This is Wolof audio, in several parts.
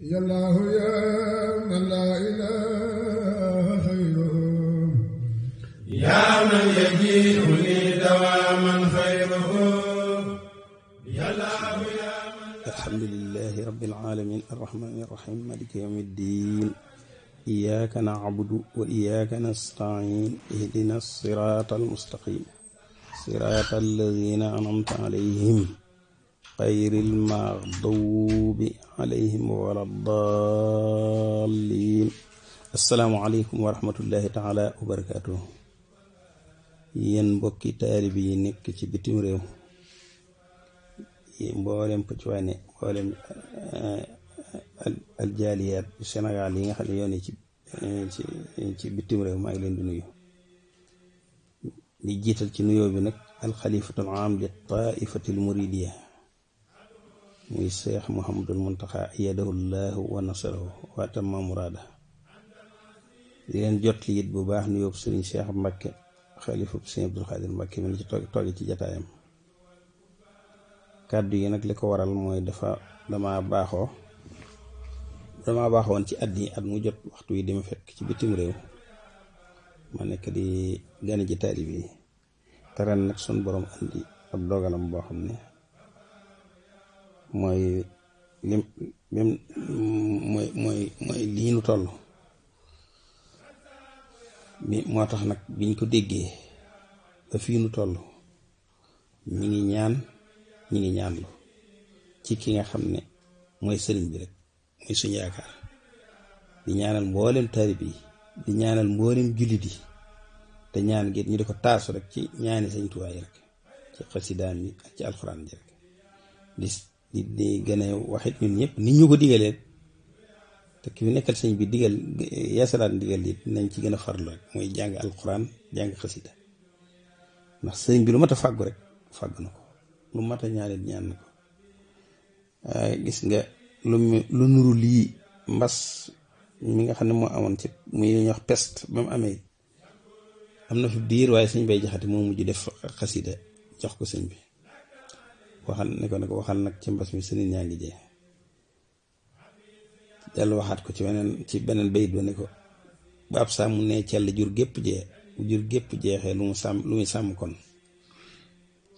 يا الله يا من لا إله خيره يا من يجيء لي دواما خيره يا الله يا من الحمد لله رب العالمين الرحمن الرحيم مالك يوم الدين إياك نعبد وإياك نستعين اهدنا الصراط المستقيم صراط الذين أنعمت عليهم xayril maxduubi alayhim wala daalliin asalaamaaleykum taala wa barakaatu yéen mbokki nekk ci bitim réew mboolem pëcc eh, yi nga xam ne yoone ci eh, ngi leen di nuyu di jiital ci nuyoo bi nag alxalifatul aam muy seex mu muntaxa ayadahu llahu wa nasarahu wa tamma muraada di leen jot it bu baax nu yóbbu sëriñ seex mbakke xalifub sëriñ abdul xaadir mbakke mi ci toog toogi ci jataayam kàddu yi nag li ko waral mooy dafa dama baaxoo dama baaxoon ci at yi at mu jot waxtu yi dama fekk ci bitim réew ma nekk di gane ji bi yi te ren nag sun borom andi ab dogalam boo xam ne mooy lim lim mooy lii nu toll bi moo tax nag biñ ko déggee ba nu toll ñi ngi ñaan ñi ngi ñaan lu ci ki nga xam ne mooy sëriñ bi rek mooy suñu yaakaar di ñaanal mboolem taarib yi di ñaanal mbooleem jullit yi te ñaan gi ñu di ko taasu rek ci ñaani Sëriñ Tuubaa yi rek ci xasidaam yi ak ci alxuraan ji rek di di gën waxit ñun ñëpp ni ñu ko digalee té ki nekkal sëñ bi digal yasaran digal it nañ ci gëna a moy jang alquran jang khasida ndax sëñ bi lu mata fagu rek fagu nako lu mata a ñaanit ñaan nako ay gis nga lu lu nuru li mbass mi nga xamne mo amon ci muy ñu wax peste bam mu amna fi diir way sëñ bay jaxati mo mujj def khasida jox ko sëñ bi waxal ne ko ne ko waxal nag ci mbas mi sëriñ ñaa ngi jeex dellu waxaat ko ci weneen ci beneen bayit ba ne ko ba ab sàmm ne cell jur gépp jeex gépp jeexee lu mu sàmm lu muy sàmm kon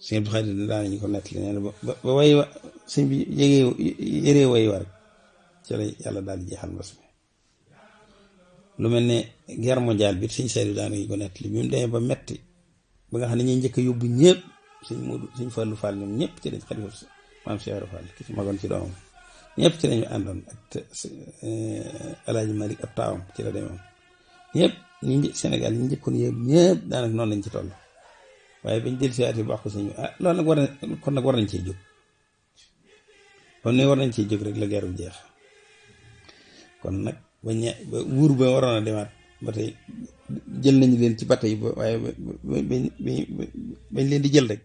sëñ bi xarit ko nettali nee na ba ba way wa sëñ bi yëgee yàlla daal di jeexal mbas mi mel ne guerre mondiale bi sëñ Saliou daanañu ko nettali bi mu demee ba metti ba nga xam ne ñuy njëkk a yóbbu ñëpp sëñ Moodu sëñ Fallu Fall ñoom ñëpp ci lañ xalifa maam Cheikh ki ci magoon ci doomam ñëpp ci lañu àndoon ak eh, alaaji taawam ci la demoon ñëpp ñi Sénégal ñi njëkkoon yëpp ñëpp daanaka noonu lañ ci toll waaye bañ del siyaati bu wax ko sëñ ah loolu nag war kon nag war nañ cee jóg kon ne war nañ cee jóg rek la geeru jeex kon nag ba wuur ba waroon a demaat ba tey jël nañu leen ci ba tey ba waaye ba bañ leen di jël rek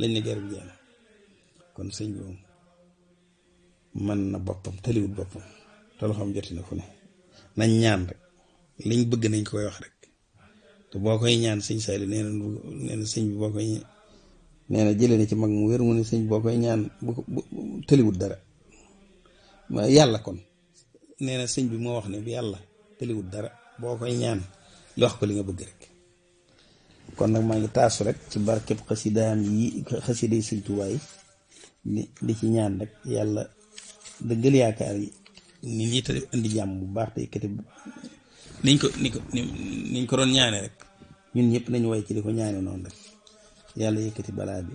lañ ne guerre bi jeex na kon sëñ bi man na boppam tëliwut boppam te loo xam joti fu ne nañ ñaan rek liñ bëgg nañ koy wax rek te boo koy ñaan sëñ Saliou nee na nee sëñ bi boo koy na jëlee ci mag mu wér mu sëñ boo koy ñaan bu bu tëliwut dara yàlla kon nee sëñ bi moo wax ne bu yàlla tëliwut dara. boo koy ñaan wax ko li nga bëgg rek kon nak ma ngi tassu rek ci barkeb xasidaam yi khassidi yi way ni di ci ñaan rek yalla deugul yaakar yi ni ñi te andi jam bu baax te yëkkati niñ ko niñ ko niñ ko ron ñaané rek ñun ñepp nañ way ci liko ko non rek yalla yëkëti bala bi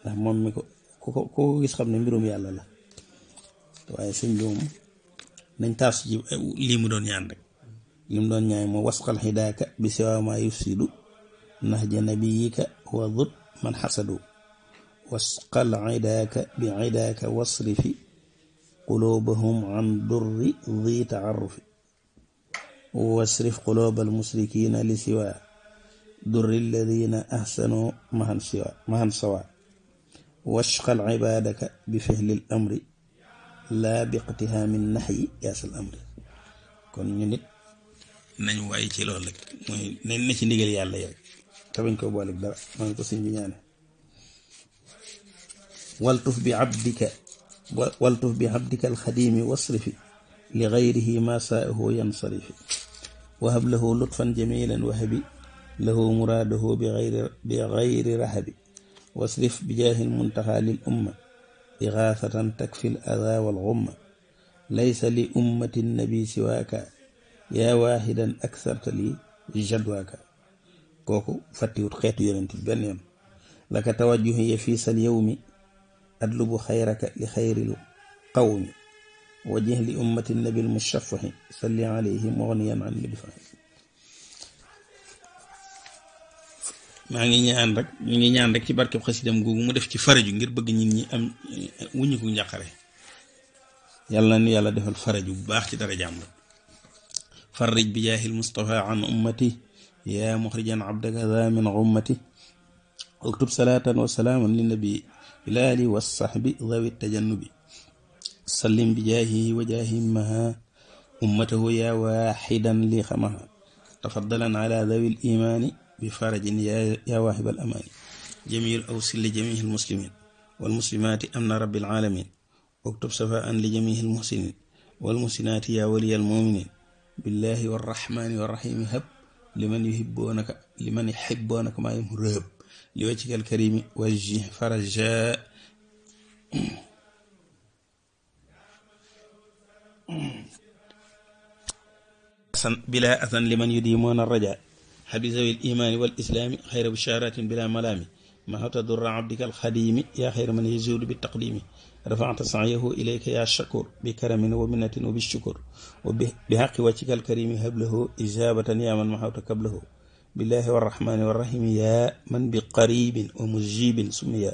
ndax mom mi ko ko ko gis xamne mbirum yalla la waye señ doom nañ tass ci eh, lii mu doon ñaan rek lim doon ñaan moo wasqal xidaaka bi siwaa maa yufsidu nahja nabiyika wa dut man xasadu wasqal xidaaka bi xidaaka wasrifi quluubahum an durri di taarufi wasrif quluuba almusrikiina li siwaa durri alladina ahsanu mahan siwaa mahan sawaa واشغل عبادك بفعل الأمر لا باقتهام النحي يا الأمر كن نيت nañ way ci lool rek mooy nañ na ci ndigal yàlla yow te bañ ko boole dara mooy ko sëñ bi ñaane waltuf bi abdika waltuf bi abdika alxadimi wasrifi li gayrihi ma saahu yansarifi wahab lahu lutfan jamilan wahabi له مراده بغير بغير رهب واصرف بجاه المنتهى للأمة إغاثة تكفي الأذى والغمة ليس لأمة النبي سواك يا واحدا اكثرت لي جدواك كوكو فاتيوت خيت يونت بنيم لك توجه يفيس اليوم ادلب خيرك لخير القوم وجه لأمة النبي المشفح صلي عليه مغنيا عن مدفع ماغي نيان رك نيغي نيان فرج بجاه المصطفى عن أمتي يا مخرجا عبدك ذا من غمتي اكتب صلاة وسلاما للنبي إلى والصحب ذوي التجنب سلم بجاهه وجاه مها أمته يا واحدا لخمها تفضلا على ذوي الإيمان بفرج يا, يا واهب الأمان جميل أوصل لجميع المسلمين والمسلمات أمن رب العالمين اكتب صفاء لجميع المحسنين والمحسنات يا ولي المؤمنين بالله والرحمن والرحيم هب لمن يحبونك لمن يحبونك ما يمرب لوجهك الكريم وجه فرجاء بلا أثن لمن يديمون الرجاء حبيزه الإيمان والإسلام خير بشارات بلا ملامي ما تدر عبدك الخديم يا خير من يزول بالتقديم رفعت سعيه إليك يا شكور بكرم ومنة وبالشكر وبحق وجهك الكريم هب له إجابة يا من محوت قبله بالله والرحمن والرحيم يا من بقريب ومجيب سميا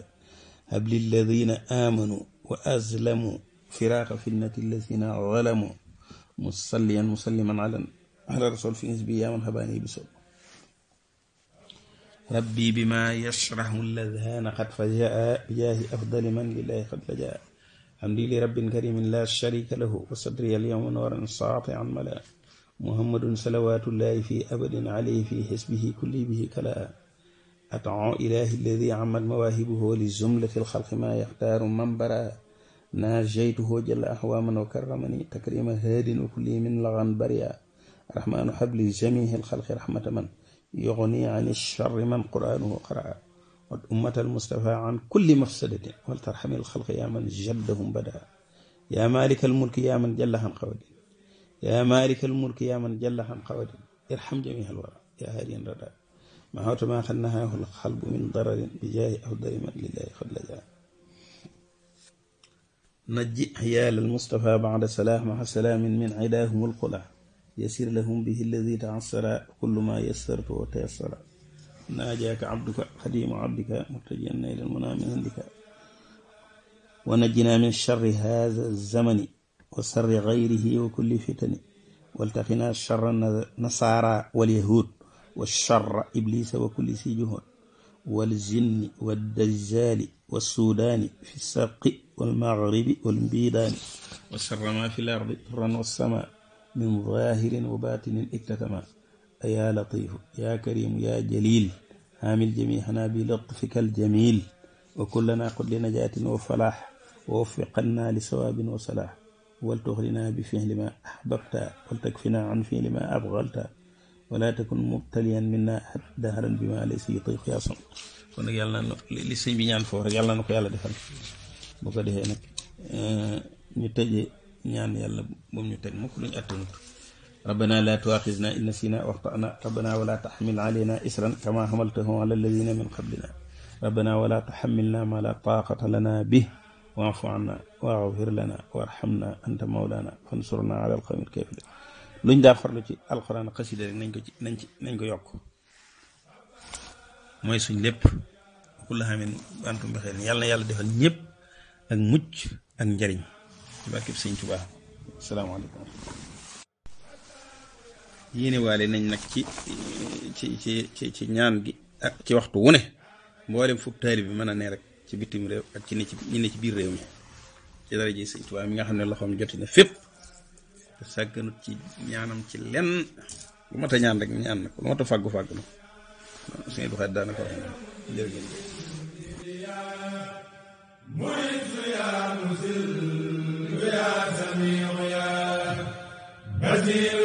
هب للذين آمنوا وأزلموا فراق فنة الذين ظلموا مصليا مسلما على على رسول في حزبي يا من هباني بسول ربي بما يشرح اللذهان قد فجاء بجاه أفضل من لله قد فجاء حمدي لرب كريم لا شريك له وصدري اليوم نورا ساطعا ملا محمد صلوات الله في أبد عليه في حسبه كل به كلا أطع إله الذي عمل مواهبه لزملة الخلق ما يختار من برا ناجيته جل أحواما وكرمني تكريم هاد وكل من لغن بريا رحمن حبل جميع الخلق رحمة من يغني عن الشر من قرآنه قرأ والأمة المصطفى عن كل مفسدة ولترحم الخلق يا من جدهم بدا يا مالك الملك يا من جل عن قود يا مالك الملك يا من جل عن قود ارحم جميع الورى يا هادي الردى ما هو ما خنها القلب من ضرر بجاه او دائما لله قد نجئ هيال المصطفى بعد سلام مع سلام من عداهم القلى يسير لهم به الذي تعسر كل ما يسرت وتيسر ناجاك عبدك خديم عبدك متجئا إلى المنى من عندك ونجنا من شر هذا الزمن وسر غيره وكل فتن والتقنا شر النصارى واليهود والشر إبليس وكل ذي جهد والجن والدجال والسودان في الساق والمغرب والبيدان وشر ما في الأرض طرا والسماء من ظاهر وباطن اكتتما يا لطيف يا كريم يا جليل عامل جميعنا بلطفك الجميل وكلنا قد لنجاة وفلاح ووفقنا لصواب وصلاح ولتغرنا بفعل ما أحببت ولتكفنا عن فعل ما أبغلت ولا تكن مبتليا منا دهرا بما ليس يطيق يا صم kon يالنا yàlla na li sëñ bi لدفن foofu rek yàlla na ñaan yàlla moom ñu teg mukk lu ñu attanut ربنا لا تؤاخذنا إن نسينا وأخطأنا ربنا ولا تحمل علينا إسرا كما حملته على الذين من قبلنا ربنا ولا تحملنا ما لا طاقة لنا به واعف عنا واغفر لنا وارحمنا أنت مولانا فانصرنا على القوم الكافرين لن دافر لكي القرآن قصيدة ننجو ننجو ننجو يوكو مويسون لب كلها من أنتم بخير يالنا يالا دفل نيب أن مج أن جرين ci barkeb sëñ Tuubaa salaamaaleykum yéene waale nañ nag ci ci ci ñaan gi ak ci waxtu wu ne mboolem fukk taalib bi mën a ne rek ci bitim réew ak ci ne ci ñi ci biir réew mi ci dara ji sëñ Tuubaa mi nga xam ne loxoom joti na fépp te sàgganut ci ñaanam ci lenn lu mat ñaan rek ñaan na ko lu mat a fàggu fàggu na sëñ Abdou Khadre daanaka wax na jërë ngeen يا سميع يا بصير